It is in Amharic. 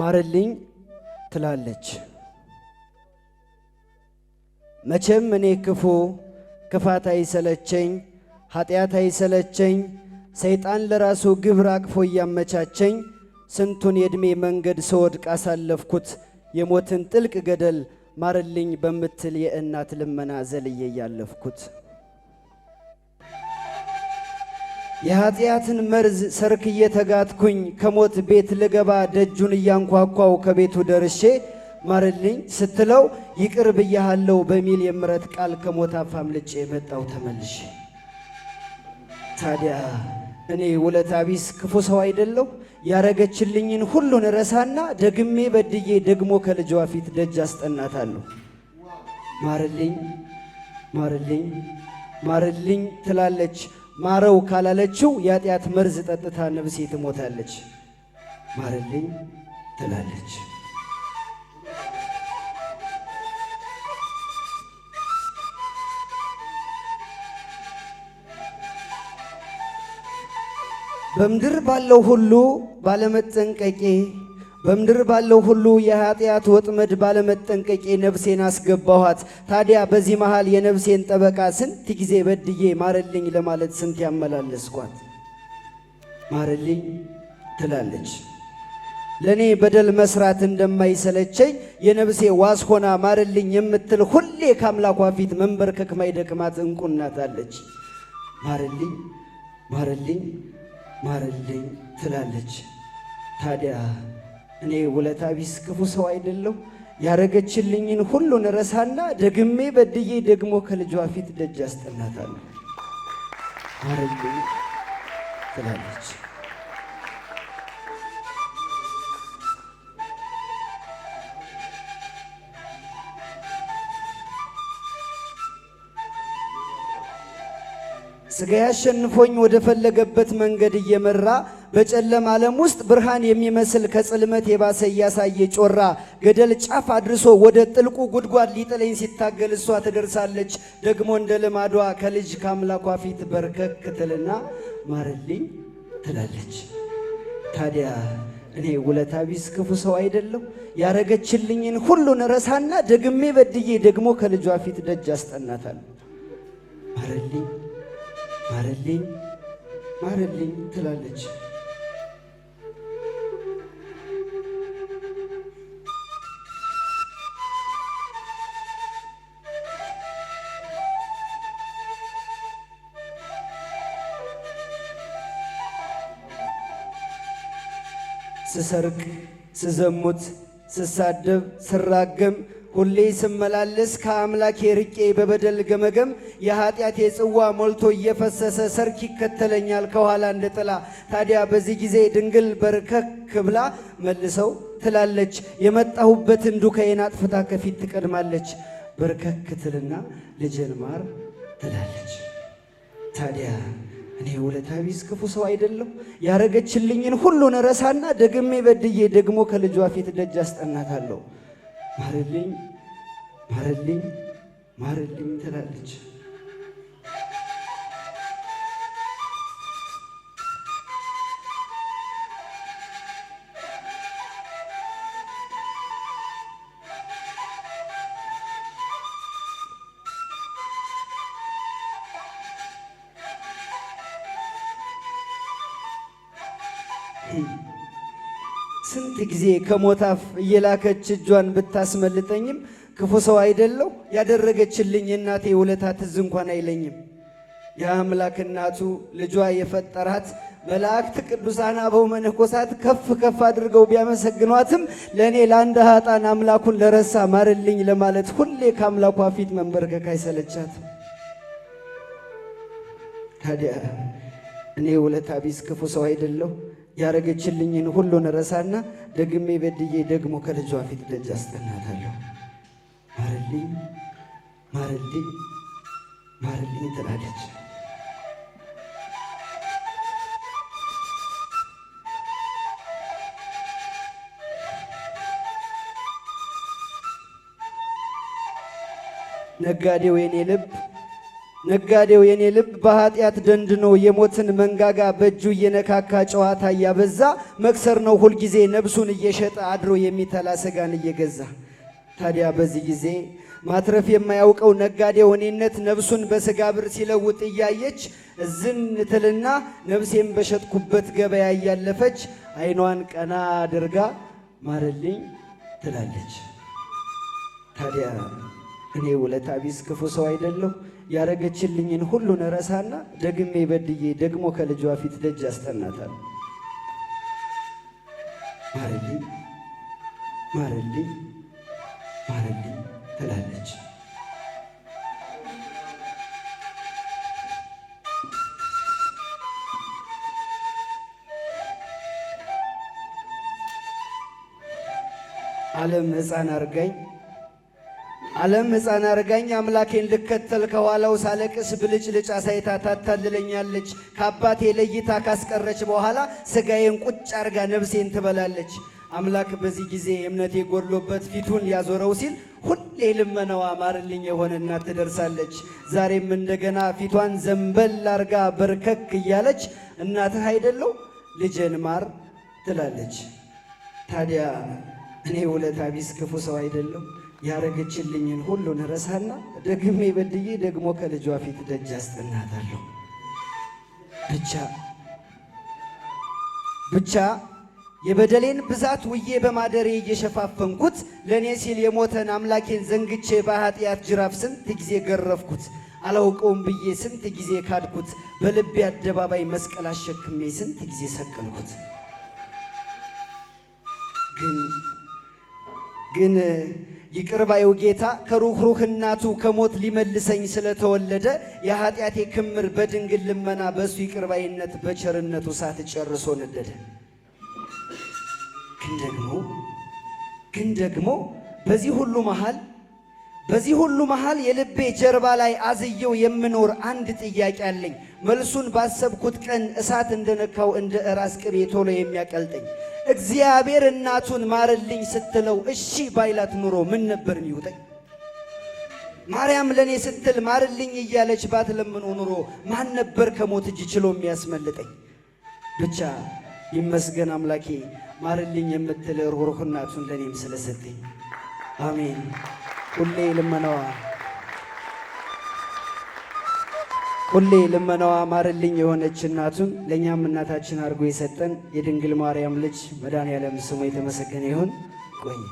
ማርልኝ ትላለች። መቼም እኔ ክፉ ክፋት አይሰለቸኝ፣ ኃጢአት አይሰለቸኝ፣ ሰይጣን ለራሱ ግብር አቅፎ እያመቻቸኝ፣ ስንቱን የዕድሜ መንገድ ስወድቅ አሳለፍኩት የሞትን ጥልቅ ገደል ማርልኝ በምትል የእናት ልመና ዘልዬ እያለፍኩት የኃጢአትን መርዝ ሰርክ እየተጋትኩኝ ከሞት ቤት ልገባ ደጁን እያንኳኳው ከቤቱ ደርሼ ማርልኝ ስትለው ይቅር ብያሃለው በሚል የምረት ቃል ከሞት አፋም ልጭ የመጣው ተመልሼ። ታዲያ እኔ ውለታ ቢስ ክፉ ሰው አይደለሁ? ያረገችልኝን ሁሉን ረሳና ደግሜ በድዬ ደግሞ ከልጇ ፊት ደጅ አስጠናታለሁ። ማርልኝ ማርልኝ ማርልኝ ትላለች። ማረው ካላለችው የኃጢአት መርዝ ጠጥታ ነፍሴ ትሞታለች። ማርልኝ ትላለች። በምድር ባለው ሁሉ ባለመጠንቀቄ በምድር ባለው ሁሉ የኃጢአት ወጥመድ ባለመጠንቀቄ ነፍሴን አስገባኋት። ታዲያ በዚህ መሃል የነፍሴን ጠበቃ ስንት ጊዜ በድዬ ማረልኝ ለማለት ስንት ያመላለስኳት ማረልኝ ትላለች። ለእኔ በደል መስራት እንደማይሰለቸኝ የነፍሴ ዋስ ሆና ማረልኝ የምትል ሁሌ ከአምላኳ ፊት መንበርከክ ማይደክማት እንቁናታለች። ማረልኝ ማረልኝ ማረልኝ ትላለች ታዲያ እኔ ውለታ ቢስ ክፉ ሰው አይደለሁ። ያረገችልኝን ሁሉን ረሳና ደግሜ በድዬ ደግሞ ከልጇ ፊት ደጅ አስጠናታለሁ። አረግኝ ትላለች። ሥጋ ያሸንፎኝ ወደ ፈለገበት መንገድ እየመራ በጨለማ ዓለም ውስጥ ብርሃን የሚመስል ከጽልመት የባሰ እያሳየ ጮራ ገደል ጫፍ አድርሶ ወደ ጥልቁ ጉድጓድ ሊጥለኝ ሲታገል እሷ ትደርሳለች። ደግሞ እንደ ልማዷ ከልጅ ከአምላኳ ፊት በርከክ ትልና ማርልኝ ትላለች። ታዲያ እኔ ውለታ ቢስ ክፉ ሰው አይደለሁ ያረገችልኝን ሁሉን ረሳና ደግሜ በድዬ ደግሞ ከልጇ ፊት ደጅ አስጠናታለሁ። ማርልኝ ማርልኝ ማርልኝ ትላለች። ስሰርቅ፣ ስዘሙት፣ ስሳደብ፣ ስራገም ሁሌ ስመላለስ ከአምላኬ ርቄ በበደል ገመገም የኃጢአቴ ጽዋ ሞልቶ እየፈሰሰ ሰርክ ይከተለኛል ከኋላ እንደ ጥላ። ታዲያ በዚህ ጊዜ ድንግል በርከክ ብላ መልሰው ትላለች፣ የመጣሁበትን ዱካዬን አጥፍታ ከፊት ትቀድማለች። በርከክ ትልና ልጄን ማር ትላለች። ታዲያ እኔ ውለታ ቢስ ክፉ ሰው አይደለም። ያረገችልኝን ሁሉን ረሳና ደግሜ በድዬ ደግሞ ከልጇ ፊት ደጅ አስጠናታለሁ። ማርልኝ፣ ማርልኝ፣ ማርልኝ ትላለች። ስንት ጊዜ ከሞት አፍ እየላከች እጇን ብታስመልጠኝም ክፉ ሰው አይደለው ያደረገችልኝ እናቴ ውለታ ትዝ እንኳን አይለኝም። የአምላክ እናቱ ልጇ የፈጠራት መላእክት ቅዱሳን አበው መነኮሳት ከፍ ከፍ አድርገው ቢያመሰግኗትም ለእኔ ለአንድ ሀጣን አምላኩን ለረሳ ማርልኝ ለማለት ሁሌ ከአምላኳ ፊት መንበርከክ አይሰለቻት። ታዲያ እኔ ውለታ ቢስ ክፉ ሰው አይደለሁ ያረገችልኝን ሁሉን ረሳና ደግሜ በድዬ ደግሞ ከልጇ ፊት ደጅ አስጠናታለሁ። ማርልኝ ማርልኝ ማርልኝ ትላለች። ነጋዴው የኔ ልብ ነጋዴው የኔ ልብ በኃጢአት ደንድኖ የሞትን መንጋጋ በእጁ እየነካካ ጨዋታ እያበዛ መክሰር ነው ሁልጊዜ ነብሱን እየሸጠ አድሮ የሚተላ ስጋን እየገዛ። ታዲያ በዚህ ጊዜ ማትረፍ የማያውቀው ነጋዴው እኔነት ነብሱን በስጋ ብር ሲለውጥ እያየች እዝን ትልና ነብሴን በሸጥኩበት ገበያ እያለፈች አይኗን ቀና አድርጋ ማረልኝ ትላለች ታዲያ እኔ ውለታ ቢስ ክፉ ሰው አይደለሁ። ያረገችልኝን ሁሉን እረሳና ደግሜ በድዬ ደግሞ ከልጇ ፊት ደጅ ያስጠናታል። ማረልኝ ማረልኝ ማረልኝ ትላለች። ዓለም ሕፃን አርጋኝ ዓለም ሕፃን አርጋኝ አምላኬን ልከተል ከኋላው ሳለቅስ ብልጭልጭ አሳይታ ታታልለኛለች። ከአባቴ ለይታ ካስቀረች በኋላ ስጋዬን ቁጭ አርጋ ነብሴን ትበላለች። አምላክ በዚህ ጊዜ እምነቴ ጎድሎበት ፊቱን ያዞረው ሲል ሁሌ ልመናዋ ማርልኝ የሆነ እናት ትደርሳለች። ዛሬም እንደገና ፊቷን ዘንበል አርጋ በርከክ እያለች እናትህ አይደለው ልጄን ማር ትላለች። ታዲያ እኔ ውለታ ቢስ ክፉ ሰው አይደለሁ ያረገችልኝን ሁሉን ረሳና ደግሜ በድዬ ደግሞ ከልጇ ፊት ደጅ አስጠናታለሁ። ብቻ ብቻ የበደሌን ብዛት ውዬ በማደሬ እየሸፋፈንኩት ለእኔ ሲል የሞተን አምላኬን ዘንግቼ በኃጢአት ጅራፍ ስንት ጊዜ ገረፍኩት። አላውቀውም ብዬ ስንት ጊዜ ካድኩት። በልቤ አደባባይ መስቀል አሸክሜ ስንት ጊዜ ሰቀልኩት። ግን ይቅርባዩ ጌታ ከሩኅሩኅ እናቱ ከሞት ሊመልሰኝ ስለተወለደ የኃጢአቴ ክምር በድንግል ልመና በእሱ ይቅርባይነት በቸርነቱ እሳት ጨርሶ ነደደ። ግን ደግሞ ግን ደግሞ በዚህ ሁሉ መሃል በዚህ ሁሉ መሃል የልቤ ጀርባ ላይ አዝየው የምኖር አንድ ጥያቄ አለኝ። መልሱን ባሰብኩት ቀን እሳት እንደነካው እንደ ራስ ቅቤ ቶሎ የሚያቀልጠኝ እግዚአብሔር እናቱን ማርልኝ ስትለው እሺ ባይላት ኑሮ ምን ነበር ሚውጠኝ? ማርያም ለእኔ ስትል ማርልኝ እያለች ባትለምኖ ኑሮ ማን ነበር ከሞት እጅ ችሎ የሚያስመልጠኝ? ብቻ ይመስገን አምላኬ ማርልኝ የምትል ርኅሩኅ እናቱን ለእኔም ስለሰጠኝ። አሜን። ሁሌ ልመናዋ ሁሌ ልመናዋ ማርልኝ የሆነች እናቱን ለእኛም እናታችን አድርጎ የሰጠን የድንግል ማርያም ልጅ መድኃኔዓለም ስሙ የተመሰገነ ይሁን። ቆይ